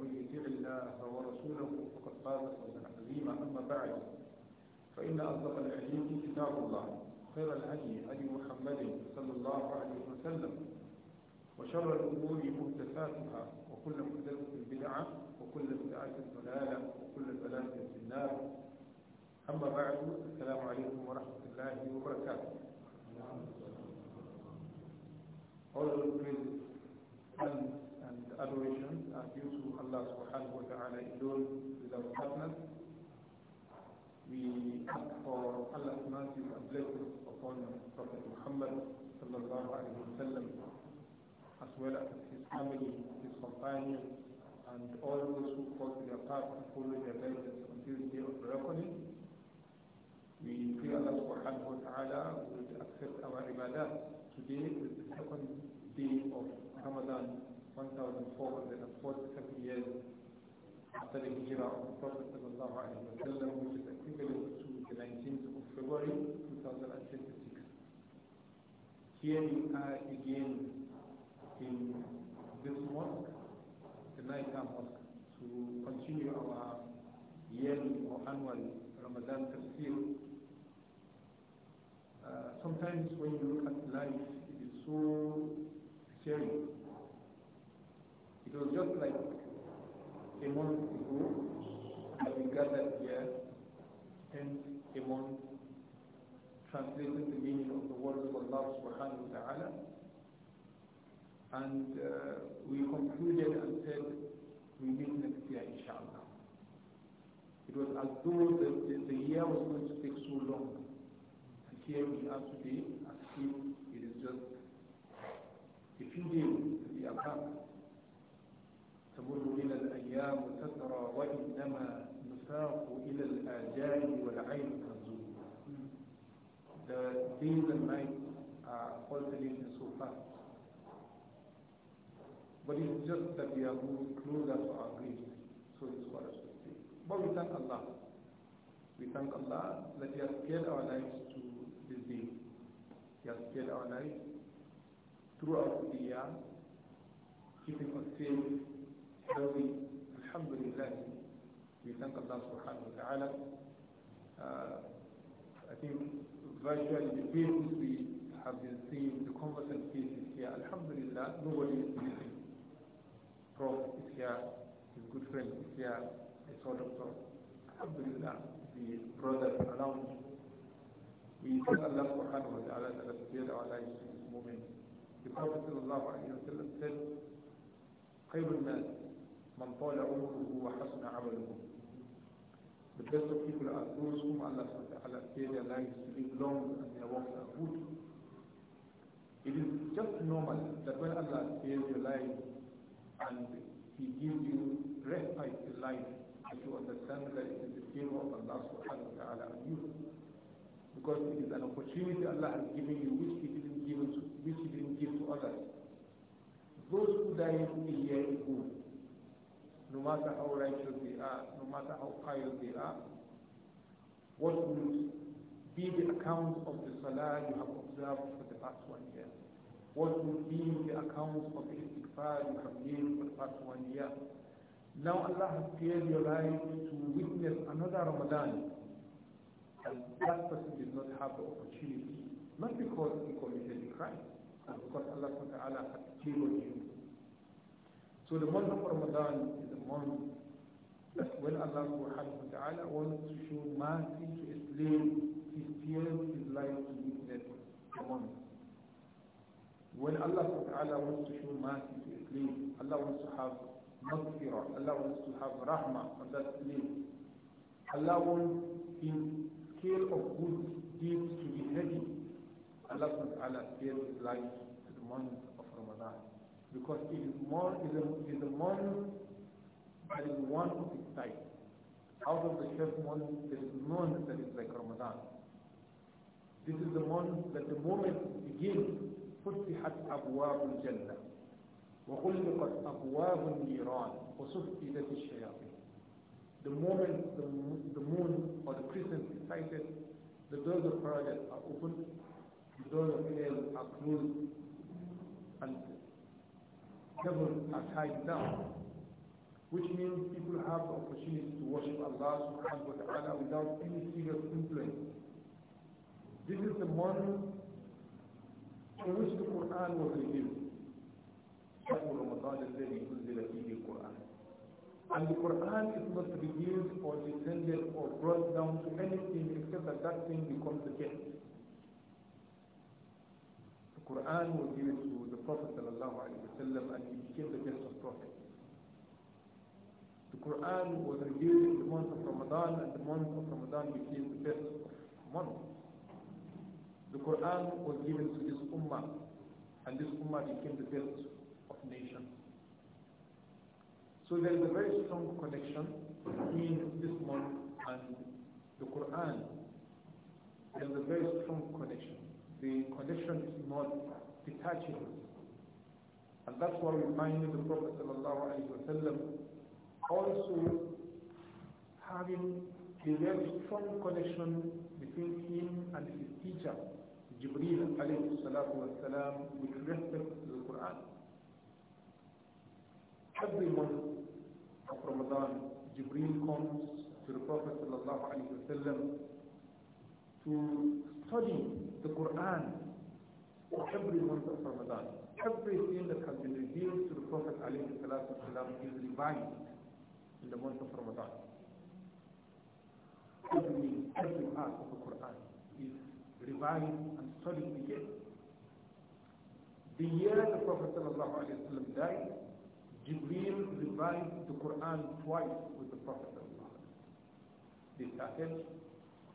ومن يطع الله ورسوله فقد فاز فوزا عظيما أما بعد فإن أصدق الحديث كتاب الله خير الهدي هدي محمد صلى الله عليه وسلم وشر الأمور محدثاتها وكل محدثة بدعة وكل بدعة ضلالة وكل ضلالة في النار أما بعد السلام عليكم ورحمة الله وبركاته نعم. All praise and and adoration are due to Allah subhanahu wa ta'ala alone our partners. We ask for Allah's mercy and blessings upon Prophet Muhammad sallallahu alayhi wa sallam, as well as his family, his companions, and all those who follow their path and follow their guidance until the day of reckoning. We pray Allah subhanahu wa ta'ala would accept our ibadah today with the second day of Ramadan 1,440 after the of the Prophet to 19th of February 2026. Here we are again in this mosque, the Mosque, to continue our yearly or annual Ramadan sometimes when you look at life, it is so scary it was just like a month ago that we gathered here, spent a month translating the meaning of the words of Allah subhanahu wa ta'ala. And uh, we concluded and said, we meet next year, inshallah. It was as though the, the, the year was going to take so long. And here we are today, as if it is just a few days to be apart. تنظر إلى الأيام تترى وإنما نساق إلى الآجال والعين تزول The days and nights are in so fast. But it's just that we are moving closer to our grave. So it's for us to say. But we thank Allah. We thank Allah that He has scaled our lives to this day. He has scaled our lives throughout the year, keeping us safe Dawsi, Alhamdulillah, we thank Allah subhanahu wa ta'ala. Uh, I think virtually the faces we have been seeing, the conversant faces here, Alhamdulillah, nobody is missing. Prof is here, his good friend is here, a sort of prof. Alhamdulillah, the brothers around. We thank Allah subhanahu wa ta'ala that has spared our lives in this moment. The Prophet said, خير الناس من طال عمره وحسن عمله. The best of people are those whom Allah SWT gave their lives to live long and their works are good. It is just normal that when Allah saves your life and He gives you respite in life, that you understand that it is the favor of Allah SWT and you. Because it is an opportunity Allah has given you which He didn't give to, which He didn't give to others. Those who died a year ago no matter how righteous they are, no matter how pious they are, what would be the account of the salah you have observed for the past one year? What would be the account of the istighfar you have made for the past one year? Now Allah has cleared your life to witness another Ramadan, and that person did not have the opportunity, not because he committed a crime, but because Allah Taala has favored you so the month of Ramadan is a month that, when Allah subhanahu wa ta'ala wants to show mercy to a slave, his tears, his life to that month. When Allah subhanahu wa ta'ala wants to show mercy to a slave, Allah wants to have maghfirah, Allah wants to have rahmah on that slave. Allah wants in scale of good deeds to be heavy. Allah subhanahu wa ta'ala scales his life to the month of Ramadan because it is more it is a, is but it is that is one of its type. Out of the twelve months, there is none that is like Ramadan. This is the month that the moment begins, فتحت أبواب الجنة وغلقت أبواب النيران وصفدت الشياطين. The moment the, the moon or the crescent is sighted, the doors of paradise are opened, the doors of hell are closed, and Devil are tied down, which means people have the opportunity to worship Allah subhanahu wa ta'ala without any serious influence. This is the model in which the Quran was revealed. And the Quran is not revealed or descended or brought down to anything except that that thing becomes the case. The Quran was given to the Prophet and he became the best of prophets. The Quran was revealed in the month of Ramadan and the month of Ramadan became the best month. The Quran was given to this Ummah and this Ummah became the best of nations. So there is a very strong connection between this month and the Quran. There is a very strong connection. The connection is not detachable. And that's why we find the Prophet ﷺ also having a very strong connection between him and his teacher, Jibreel والسلام, with respect to the Quran. Every month of Ramadan, Jibreel comes to the Prophet ﷺ to study the Quran every month of Ramadan everything that has been revealed to the Prophet والسلام, is revived in the month of Ramadan. Every, every part of the Quran is revised and studied again. The year the Prophet ﷺ died, Jibreel revived the Quran twice with the Prophet. They started,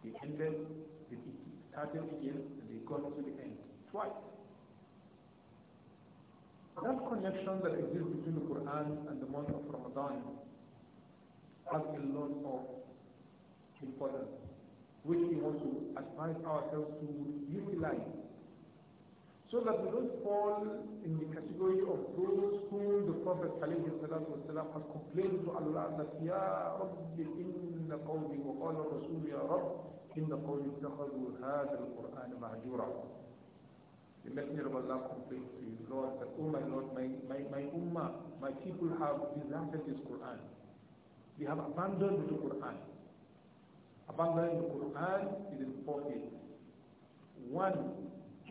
they ended, they started again, and they got to the end twice. That connection that exists between the Quran and the month of Ramadan has a lot of importance, which we want to advise ourselves to utilize so that we don't fall in the category of those whom the Prophet والسلام, has complained to Allah that Ya Rabbi inna qawmi wa qala Rasul Ya Rabbi inna qawmi ittakhadu hadha al-Qur'an mahjura the Messenger of Allah complained to his Lord that, Oh my Lord, my, my, my ummah, my people have deserted this Quran. They have abandoned the Quran. Abandoning the Quran is important. One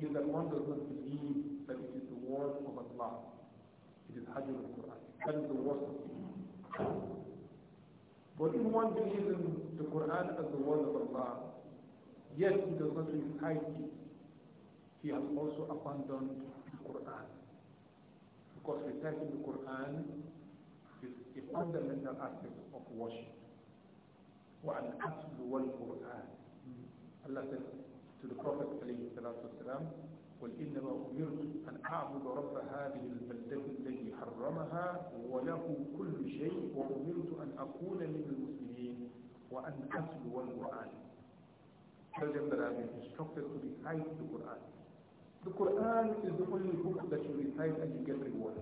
is that one does not believe that it is the word of Allah. It is Hajj of That is the word of Allah. But if one believes in the Quran as the word of Allah, yet he does not recite it, he has also abandoned the Quran. Because reciting the Quran is a fundamental aspect of worship. وَالْأَصْلُ وَالْقُرْآنِ Allah says to the Prophet عليه الصلاة والسلام قل إنما أمرت أن أعبد رب هذه البلدة الذي حرمها وله كل شيء وأمرت أن أكون من المسلمين وأن أتلو القرآن. Tell them that I've been instructed to recite the Quran. The Quran is the only book that you recite and you get reward.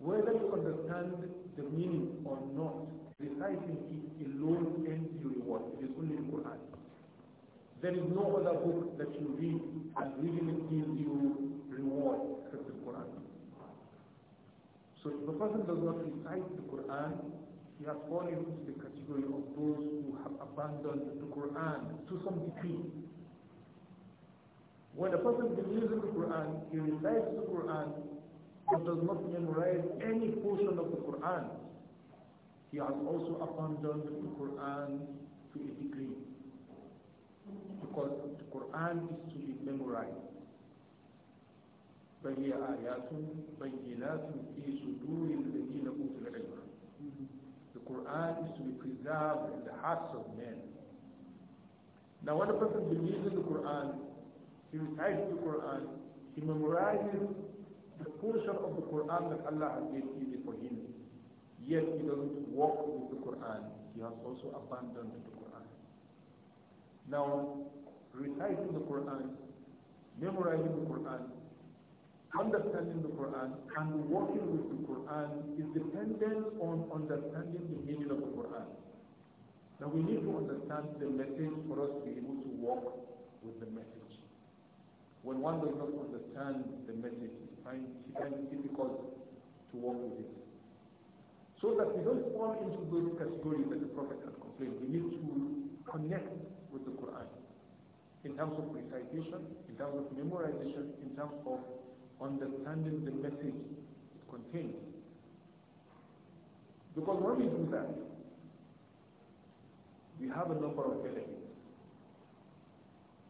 Whether you understand the meaning or not, reciting it alone ends your reward. It is only the Quran. There is no other book that you read and reading it gives you reward except the Quran. So if a person does not recite the Quran, he has fallen into the category of those who have abandoned the Quran to some degree. When a person believes in the Quran, he recites the Quran, but does not memorize any portion of the Quran, he has also abandoned the Quran to a degree. Because the Quran is to be memorized. فهي آيات بينات في صدور الذين أوتوا العلم. The Quran is to be preserved in the hearts of men. Now when a person believes in the Quran, he recites the Quran, he memorizes the portion of the Quran that Allah has made easy for him. Yet he doesn't walk with the Quran. He has also abandoned the Quran. Now, reciting the Quran, memorizing the Quran, understanding the Quran, and working with the Quran is dependent on understanding the meaning of the Quran. Now we need to understand the message for us to be able to walk with the message. When one does not understand the message, it's find it difficult to work with it. So that we don't fall into those categories that the Prophet had complained. We need to connect with the Quran in terms of recitation, in terms of memorization, in terms of understanding the message it contains. Because when we do that, we have a number of benefits.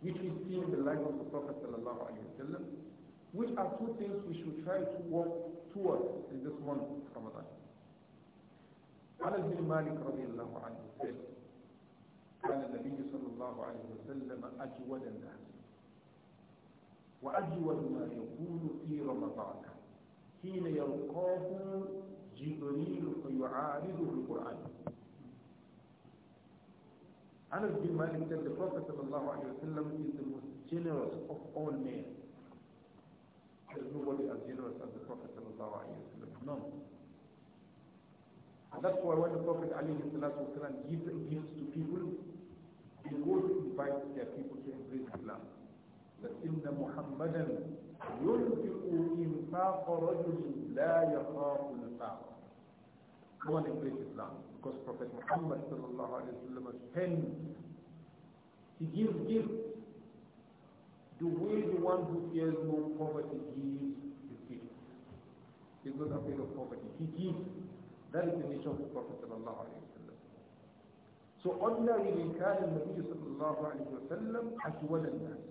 which is still the life of the Prophet وسلم, which are two things we should try to work towards in this month of Ramadan. Anas bin Malik sallam الله عنه said, كان النبي صلى الله عليه وسلم أجود الناس وأجود ما يكون في رمضان حين يلقاه جبريل فيعارضه القرآن Anas bin Malik said the Prophet وسلم, is the most generous of all men. There is nobody as generous as the Prophet وسلم. None. And that's why when the Prophet وسلم, gives gifts to people, he goes to invite their people to embrace Islam. That إن محمدا ينفق إنفاق رجل لا يخاف الفاق. Come and embrace Islam. Because Prophet Muhammad was pen He gives gifts. The way the one who fears no poverty gives the gift. He's not afraid of poverty. He gives. That is the nature of the Prophet So the كان النبي صلى الله عليه وسلم أجود that.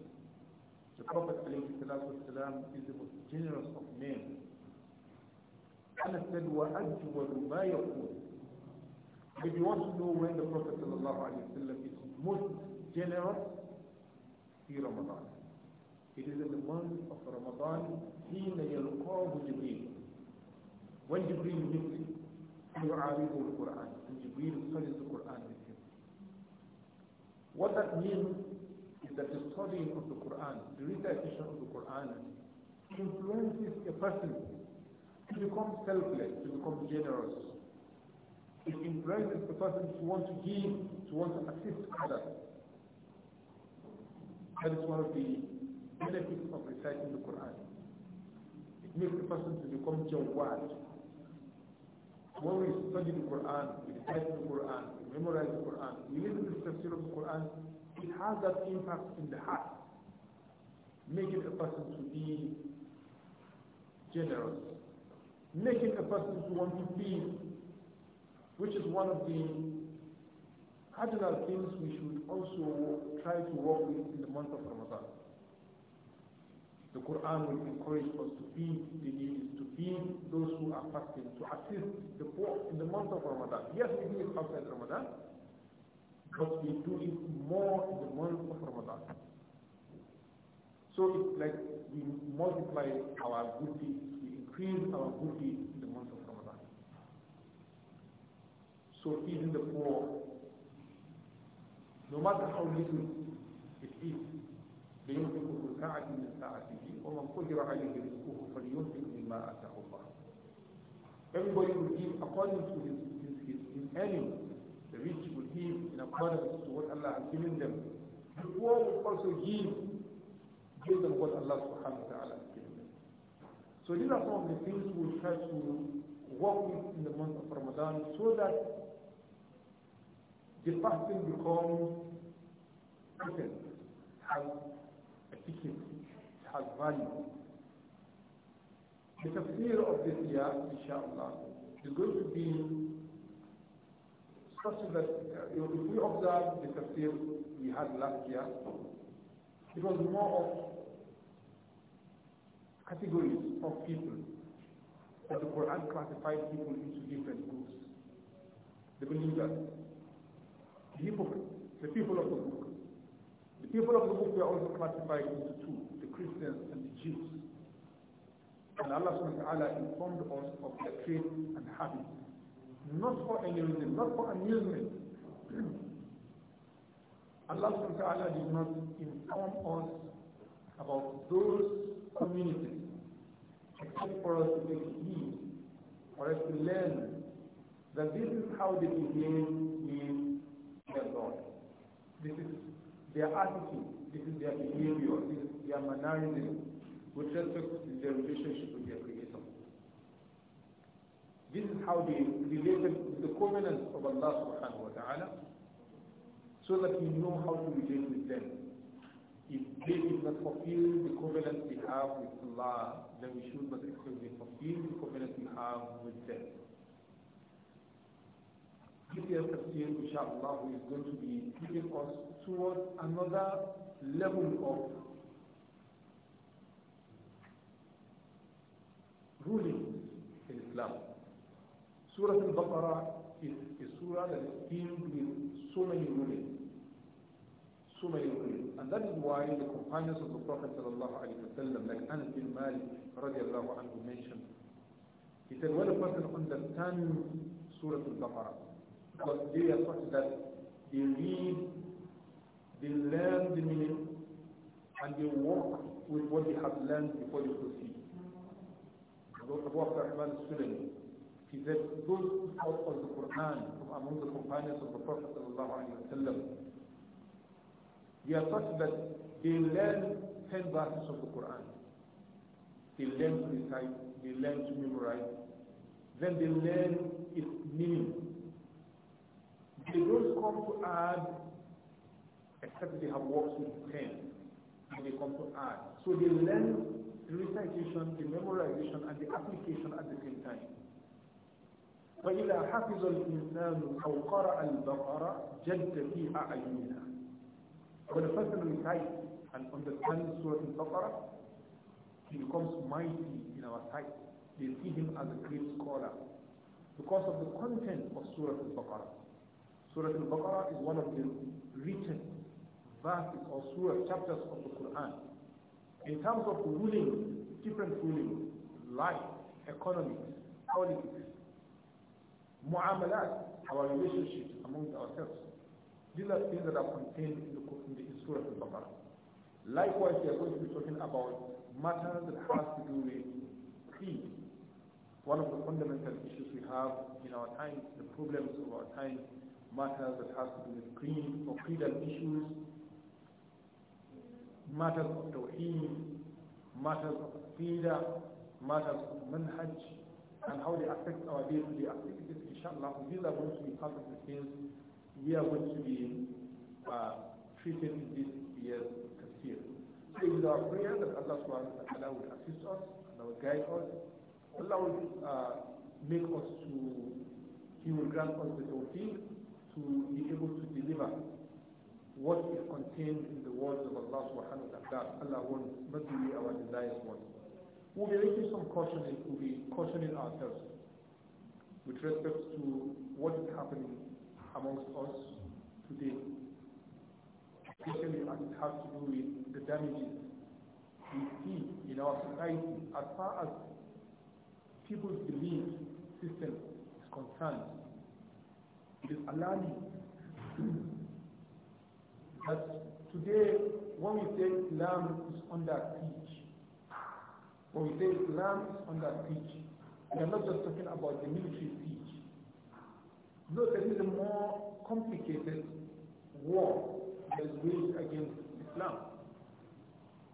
The Prophet عليه الصلاة والسلام is the most generous of men. أنا said وأجود ما يقول If you want to know when the Prophet ﷺ is most generous, في Ramadan. It is in the month of Ramadan حين يلقاه جبريل. When Jibreel meets him, the Quran and Jibreel studies the Quran with him. What that means is that the studying of the Quran, the recitation of the Quran, influences a person to become selfless, to become generous, it influences the person to want to give, to want to assist others. That is one of the benefits of reciting the Quran. It makes the person to become jawad. When we study the Quran, we recite the Quran, we memorize the Quran, we listen to the tafsir of the Quran, it has that impact in the heart, making a person to be generous, making a person to want to be which is one of the cardinal things we should also try to work with in the month of Ramadan. The Quran will encourage us to feed the to feed those who are fasting, to assist the poor in the month of Ramadan. Yes, we do it outside Ramadan, but we do it more in the month of Ramadan. So it's like we multiply our good deeds, we increase our good deeds So feeding the poor, no matter how little it is, they فينفق ذو ساعة من ساعته ومن قدر عليه رزقه فلينفق مما آتاه الله. Everybody will give according to his, his, his, his earnings. The rich will give in accordance to what Allah has given them. The poor will also give, give them what Allah subhanahu wa ta'ala has given them. So these are some of the things we try to work with in the month of Ramadan so that the fasting becomes present, has a ticket, has value. The tafsir of this year, inshallah, is going to be such that uh, if we observe the tafsir we had last year, it was more of categories of people. But the Quran classified people into different groups. The believers, people, the people of the book. The people of the book were also classified into two, the Christians and the Jews. And Allah subhanahu wa ta'ala informed us of their faith and habit, Not for any reason, not for amusement. Allah subhanahu wa ta'ala did not inform us about those communities except for us to take heed, for us to learn that this is how they behave in this is their attitude, this is their behavior, this is their mannerism with respect to their relationship with their Creator. This is how they related the covenant of Allah subhanahu wa ta'ala so that we know how to relate with them. If they did not fulfill the covenant we have with Allah, then we should not expect them to fulfill the covenant we have with them. DPS Tafsir, inshallah, is going to be taking us towards another level of ruling in Islam. Surah Al-Baqarah is a surah that is filled with so many rulings. So many rulings. And that is why the companions of the Prophet وسلم, like Anas bin Malik radiallahu anhu mentioned, he said, when a person understands Surah Al-Baqarah, are such that they read, they learn the meaning, and they work with what they have learned before they proceed. Abu Abdurrahman Sulaiman, he said, those who out of the Quran from among the companions of the Prophet sallallahu they are such that they learn 10 verses of the Quran. They learn to recite, they learn to memorize, then they learn its meaning they don't come to add except they have worked with pen and they come to add. So they learn the recitation, the memorization, and the application at the same time. فإذا حفظ الإنسان أو قرأ البقرة جد في أعيننا. When a person recites and understands Surah Al-Baqarah, he becomes mighty in our sight. They see him as a great scholar because of the content of Surah Al-Baqarah. Surah Al-Baqarah is one of the richest verses or surah chapters of the Quran. In terms of ruling, different ruling life, economics, politics, mu'amalat, our relationships among ourselves. These are things that are contained in the, in the Surah Al-Baqarah. Likewise, we are going to be talking about matters that has to do with creed. One of the fundamental issues we have in our time, the problems of our time matters that has to do with creed, creedal issues, matters of tawheed, matters of aqidah, matters of manhaj, and how they affect our day-to-day activities, inshallah. These are going to be part of the things we are going to be uh, treated in this year's tafsir. So it is our prayer that Allah SWT would will assist us, Allah will guide us, Allah will uh, make us to, He will grant us the tawheed. to be able to deliver what is contained in the words of Allah subhanahu wa ta'ala. Allah will not be our desires want. We'll be making some cautioning, we'll be cautioning ourselves with respect to what is happening amongst us today, especially as it has to do with the damages we see in our society as far as people's belief system is concerned it is alarming that today when we say Islam is under siege, when we say Islam is under siege, we are not just talking about the military siege. No, there is a more complicated war that is waged against Islam.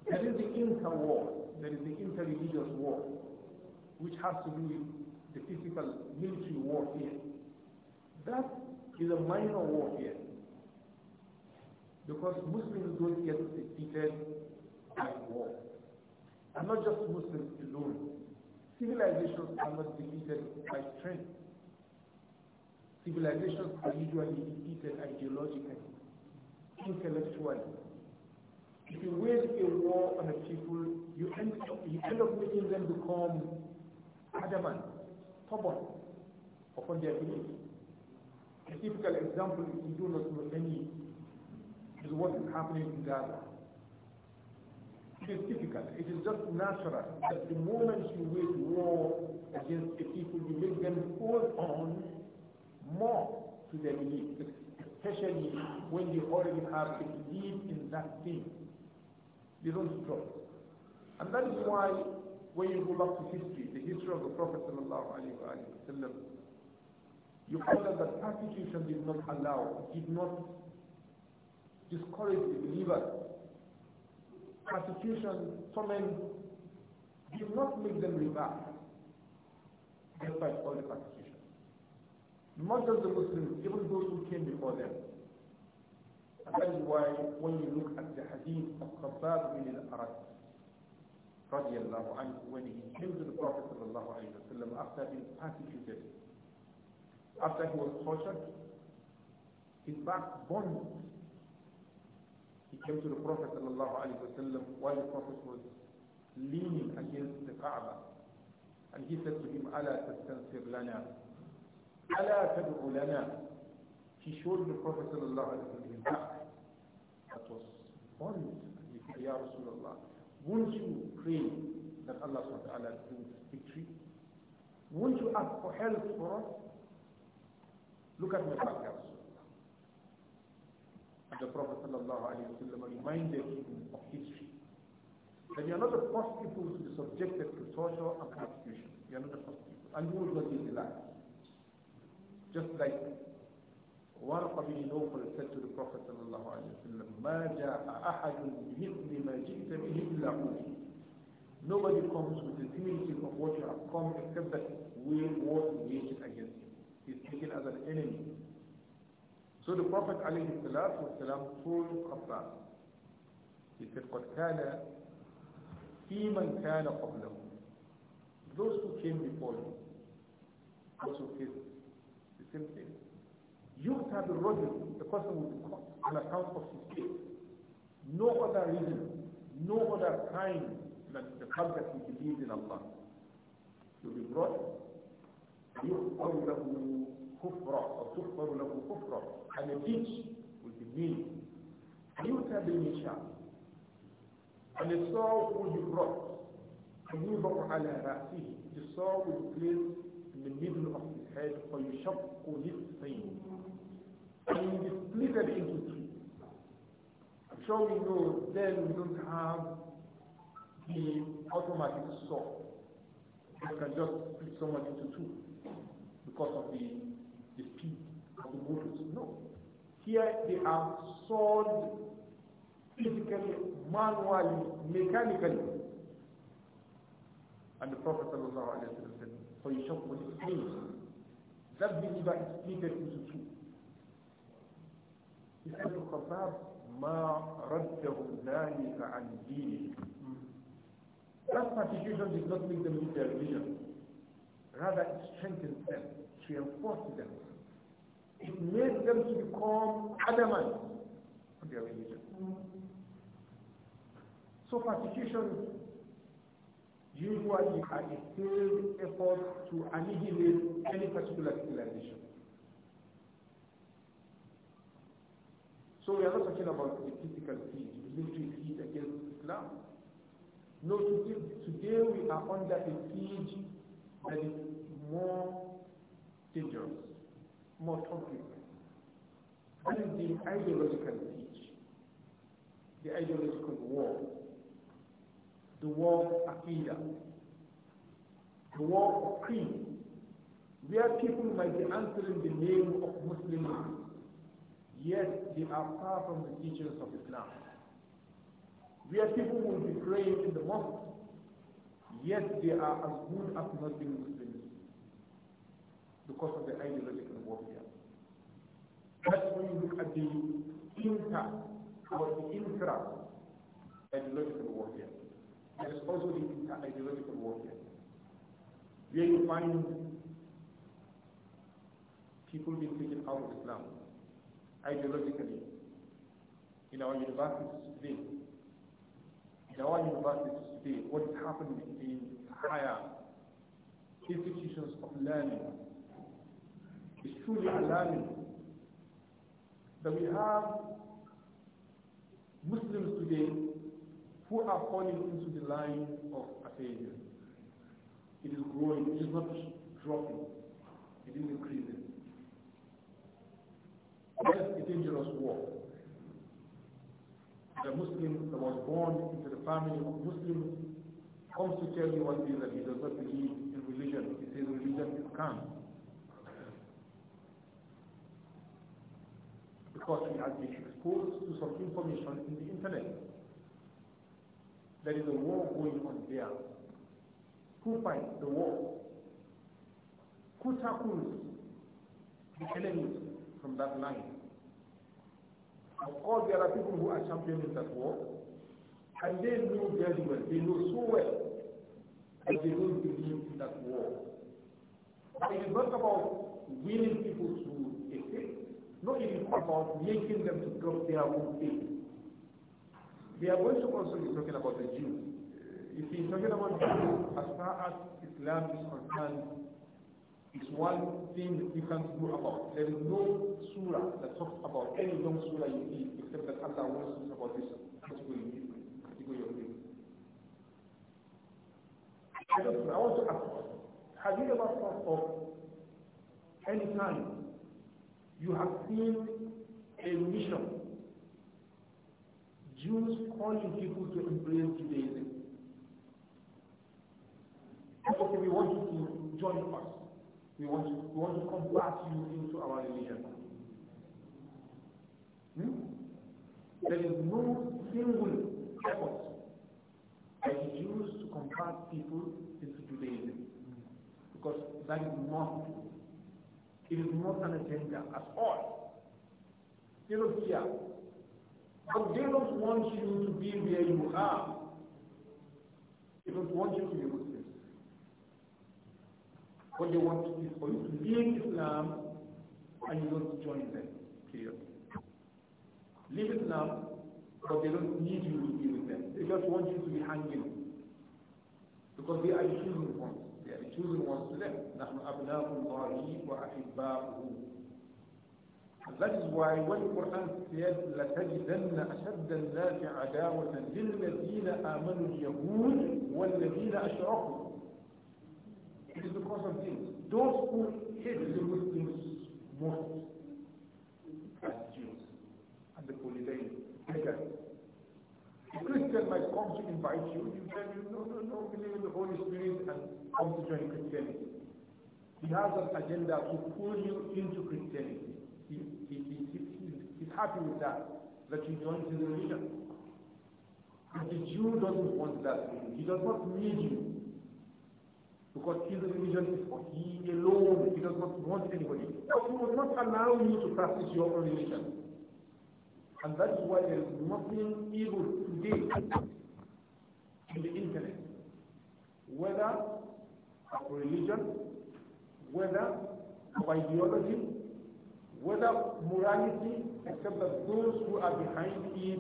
There is the inter-war, there is the inter-religious war, which has to do with the physical military warfare that is a minor warfare. Because Muslims don't get defeated by war. And not just Muslims alone. Civilizations are not defeated by strength. Civilizations are usually defeated ideologically, intellectually. If you wage a war on a people, you end up, you end up making them become adamant, stubborn upon their beliefs. A typical example, if you do not know any, is what is happening in Gaza. It is typical. It is just natural that the moment you wage war against a people, you make them hold on more to their beliefs, especially when they already have a belief in that thing. They don't stop. And that is why when you go back to history, the history of the Prophet sallallahu alaihi wasallam, you call that the persecution did not allow, did not discourage the believers. Persecution, torment, did not make them revolt despite all the persecution. Not just the Muslims, even those who came before them. And that is why when you look at the hadith of Qasab bin al-Arad, when he came to the Prophet sallallahu alayhi wa after being persecuted, after he was tortured, his back burned. He came to the Prophet وسلم, while the Prophet was leaning against the Kaaba. And he said to him, Allah tastansir lana. Allah tad'u lana. He showed the Prophet وسلم, his back that was burned. He said, Ya Rasulullah, won't you pray that Allah subhanahu wa ta'ala victory? Won't you ask for help for us? Look at my also, And the Prophet ﷺ reminded him of history. That you are not the first people to be subjected to torture and persecution. You are not the first people. And you will not be the Just like ورقة بن نوفل سد said to the Prophet وسلم ما جاء Nobody comes with the dignity of what you have come except that we what waged against is taken as an enemy. So the Prophet والسلام, told Khattab, he said, قَدْ كَانَ فِي مَنْ كَانَ قَبْلَهُ Those who came before him also faced the same thing. You have the rajul, the person will be caught on account of his faith. No other reason, no other kind than the fact that he believes in Allah. You'll be brought يغفر له كفرة أو تغفر له كفرة and a ditch will be made فيؤتى بالمشاء and the saw will be brought على رأسه the saw will be placed in the middle of his head فيشق نصفين and it is split into 2 the I'm sure we know then we don't have the automatic saw you can just split someone into two because of the, the speed of the motives. No. Here they are sold physically, manually, mechanically. And the Prophet said, for you shall what is clean. That believer is split into two. He said to Khattab, ma رده ذلك عن دينه. That persecution did not make them lose their vision. Rather, it strengthens them, it reinforces them. It makes them to become adamant of their religion. So persecution usually are a failed effort to annihilate any particular civilization. So we are not talking about the physical siege, military siege against Islam. No, today, today we are under a siege that is more dangerous, more complicated. That is the ideological siege, the ideological war, the war of Akida, the war of creed, where people might be answering the name of Muslims, yet they are far from the teachings of Islam. Where people will be praying in the mosque Yet they are as good as not being Muslims because of the ideological warfare. That's when you look at the impact or the and ideological warfare. There is also the inter ideological warfare. Where you find people being taken out of Islam ideologically in our universities today there University universities today, what is happening in higher institutions of learning is truly alarming. That we have Muslims today who are falling into the line of aphasia. It is growing, it is not dropping, it is increasing. That is a dangerous war the Muslim that was born into the family of Muslim comes to tell you one thing that he does not believe in religion. He says religion is calm. Because he has been exposed to some information in the internet. There is a war going on there. Who fights the war? Who tackles the enemies from that line? Of course, there are people who are championing that war, and they know very well, they know so well, that they don't believe in that war. But it is not about winning people to a Not No, it is about making them to drop their own thing. They are going to also be talking about the Jews. If uh, he's talking about Jews, as far as Islam is concerned, is one thing that you can't do about. There is no surah that talks about any long surah you need except that Allah wants to talk about this particular need, particular thing. I want to ask have you ever thought of any time you have seen a mission, Jews calling people to embrace Judaism? Okay, we want you to join us. We want to, we want to convert you into our religion. Hmm? There is no single effort that is used to convert people into Judaism. Because that is not it is not an agenda at all. They don't But they don't want you to be where you are. They don't want you to be What they want is for you to leave Islam and you don't join them. Period. Leave Islam, but they don't need you to be with them. They just want you to be hanging. Because they are the chosen ones. They are the chosen ones to them. نحن أبناء الله وأحباؤه. And that is why when the Quran says لتجدن أشد الناس عداوة للذين آمنوا اليهود والذين أشركوا It is because of this. Those who hate the Muslims most as Jews and the polytheists, pagans. A Christian might come to invite you, you tell him, no, no, no, believe in the Holy Spirit and come to join Christianity. He has an agenda to pull you into Christianity. He, he, he, he's happy with that, that you join his religion. But the Jew doesn't want that. He does not need you because his religion is for he alone. He does not want anybody. he will not allow you to practice your own religion. And that is why there is nothing evil today in the internet. Whether of religion, whether of ideology, whether morality, except that those who are behind it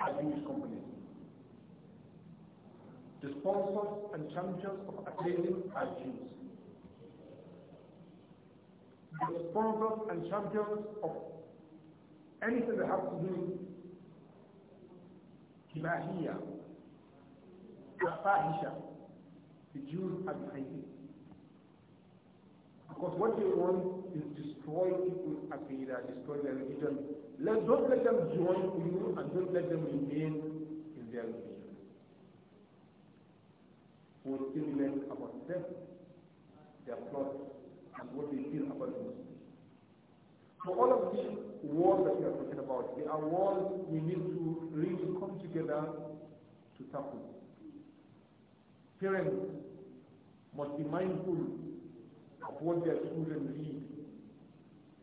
are Jewish companies. The sponsors and champions of atheism are Jews. The sponsors and champions of anything that has to do with Ibahiyya, the Jews are behind it. Because what they want is destroy people's aqidah, uh, destroy their religion. Let, don't let them join you and don't let them remain in their religion will still learn about them, their plots, and what they feel about them. So all of these walls that we are talking about, they are walls we need to really come together to tackle. Parents must be mindful of what their children read,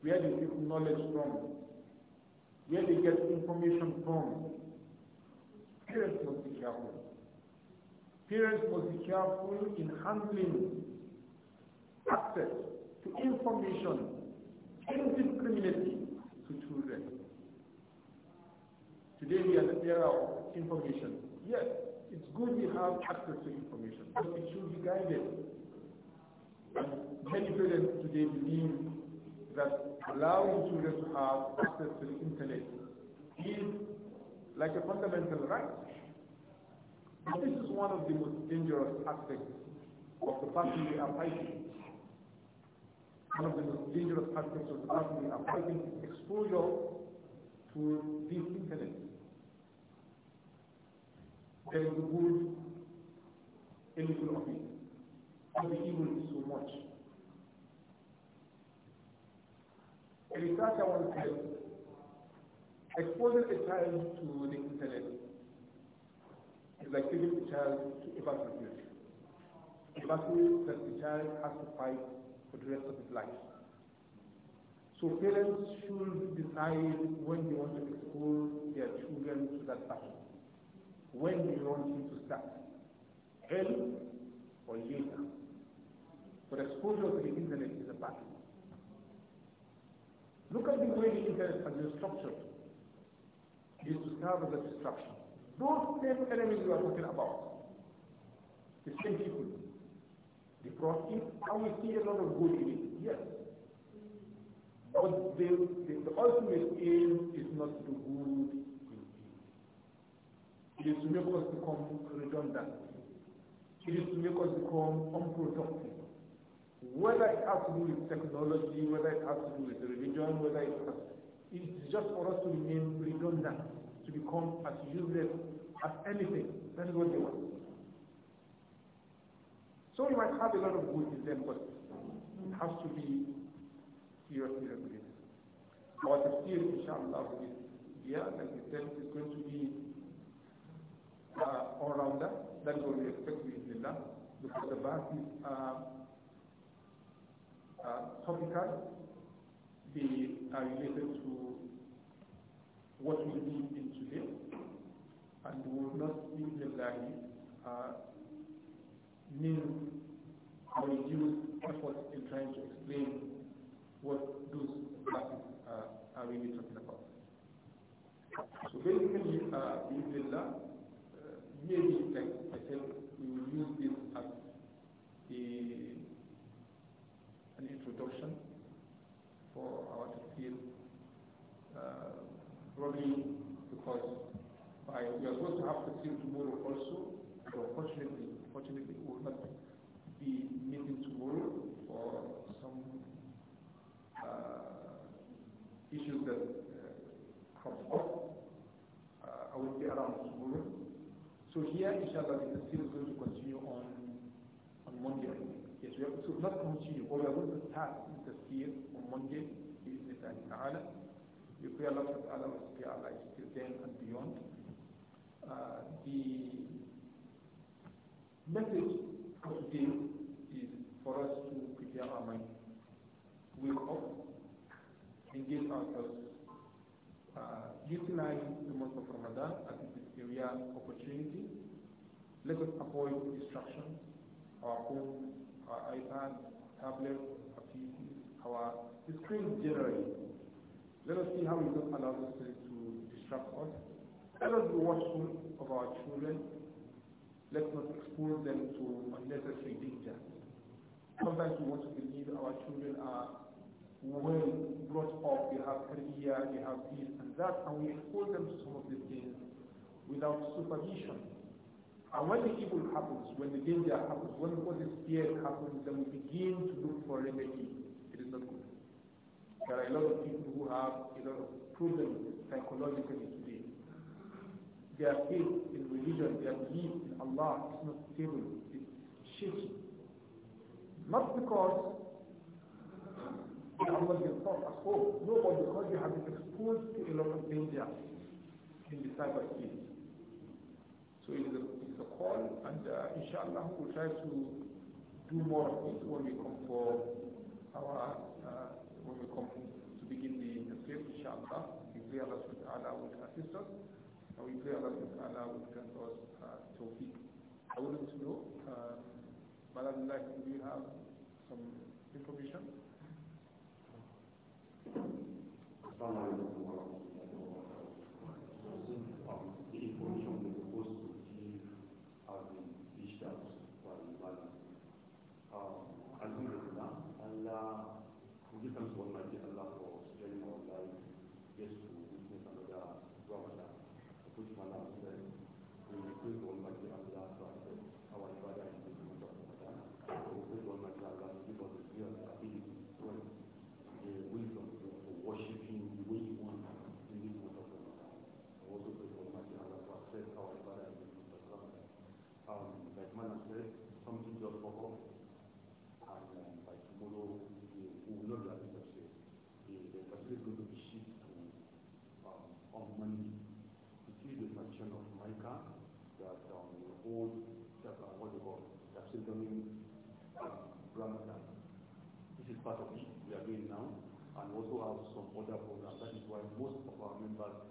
where they get knowledge from, where they get information from. Parents must be careful. Parents must be careful in handling access to information indiscriminately to children. Today we are in the era of information. Yes, it's good we have access to information, but it should be guided. And many parents today believe that allowing children to have access to the internet is like a fundamental right. But this is one of the most dangerous aspects of the person we are fighting. One of the most dangerous aspects of the person we are fighting is exposure to the internet. There is good a little of it, and the evil is so much. A researcher once said, exposing a child to the internet it's like giving the child to hours of milk. The battle that the child has to fight for the rest of his life. So parents should decide when they want to expose their children to that battle. When do you want him to start. Early or later. But exposure to the internet is a battle. Look at the way the internet has been structured. It is to serve as a distraction. Those same enemies we are talking about, the same people, the brought in, we see a lot of good in it, yes. But the, the, the ultimate aim is not to do good it is to make us become redundant. It is to make us become unproductive. Whether it has to do with technology, whether it has to do with religion, whether it has, it's just for us to remain redundant to become as useless as anything. That is what they want. So you might have a lot of good in them, but it has to be seriously regulated. Our tafsir, inshallah, this year, like we said, is going to be uh, all-rounder. That is what we expect with Islam, because the verses are uh, uh, topical, they are uh, related to what we need in today and we will not the immediately uh, mean or reduce effort in trying to explain what those classes uh, are really talking about. So basically, uh, Bismillah, uh, maybe like I said, we will use this as a, an introduction for our field. Uh, probably because I, we are supposed to have the see tomorrow also, but unfortunately, unfortunately we will not be meeting tomorrow for some uh, issues that uh, come up. Uh, I will be around tomorrow. So here, inshallah, the sale going to continue on on Monday. Yes, we have to not continue, but we are going to start the meeting on Monday, in the we pray a lot of Allah will spare our lives till then and beyond. Uh, the message of today is for us to prepare our mind, wake up, engage ourselves, uh, utilize the month of Ramadan as a area opportunity. Let us avoid distraction. our phones, our iPad, tablet, our PCs, our screens generally let us see how we don't allow the Spirit to distract us. Let us be watchful of our children. Let's not expose them to unnecessary danger. Sometimes we want to believe our children are well brought up, they have career, they have this and that, and we expose them to some of these things without supervision. And when the evil happens, when the danger happens, when the fear happens, then we begin to look for remedy there are a lot of people who have a lot of problems psychologically today. Their faith in religion, their belief in Allah is not stable, it's shaky. Not because Allah is not at home, no, but because you have been exposed to a lot of danger in the cyber space. So it is a, it's a call, and uh, inshallah we will try to do more of it when we come for our uh, inshallah. We pray Allah subhanahu wa ta'ala will assist us and we pray Allah subhanahu wa ta'ala will grant us uh, tawfiq. I would like to know, uh, Madam Lai, do you have some information? Assalamu alaikum when you see the mention of Micah, that um, the old, that, uh, what do you call the pseudonym um, Ramadan. This is part of it we are doing now, and also have some other programs. That is why most of our members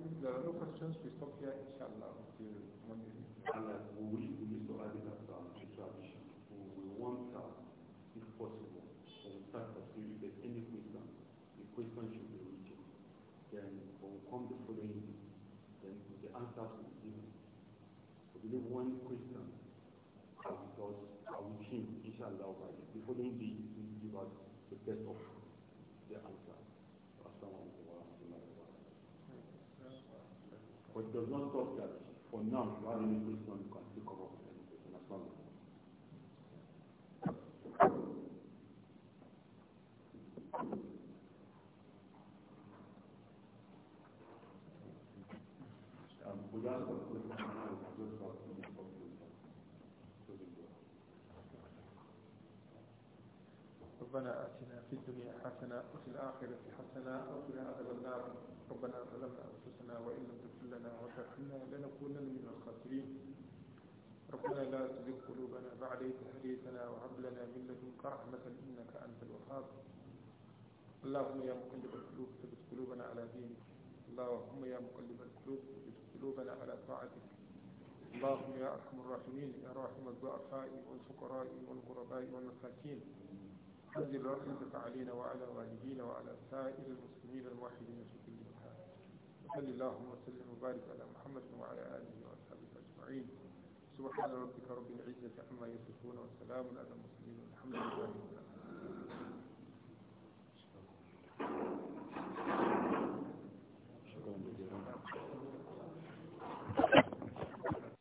think the other questions we stop here, inshallah, until Monday. náà wà lórí gbèsè ربنا آتنا في الدنيا حسنة وفي الآخرة حسنة وقنا عذاب النار ربنا ظلمنا أنفسنا وإن لم تغفر لنا وترحمنا لنكونن من الخاسرين ربنا لا تزغ قلوبنا بعد إذ هديتنا وهب لنا من لدنك رحمة إنك أنت الوهاب اللهم يا مقلب القلوب ثبت قلوبنا على دينك اللهم يا مقلب القلوب ثبت قلوبنا على طاعتك اللهم يا أرحم الراحمين يا راحم الضعفاء والفقراء والغرباء والمساكين أنزل رحمتك علينا وعلى والدينا وعلى سائر المسلمين الموحدين في كل مكان وصل اللهم وسلم وبارك على محمد وعلى آله وأصحابه أجمعين سبحان ربك رب العزة عما يصفون وسلام على المرسلين والحمد لله رب العالمين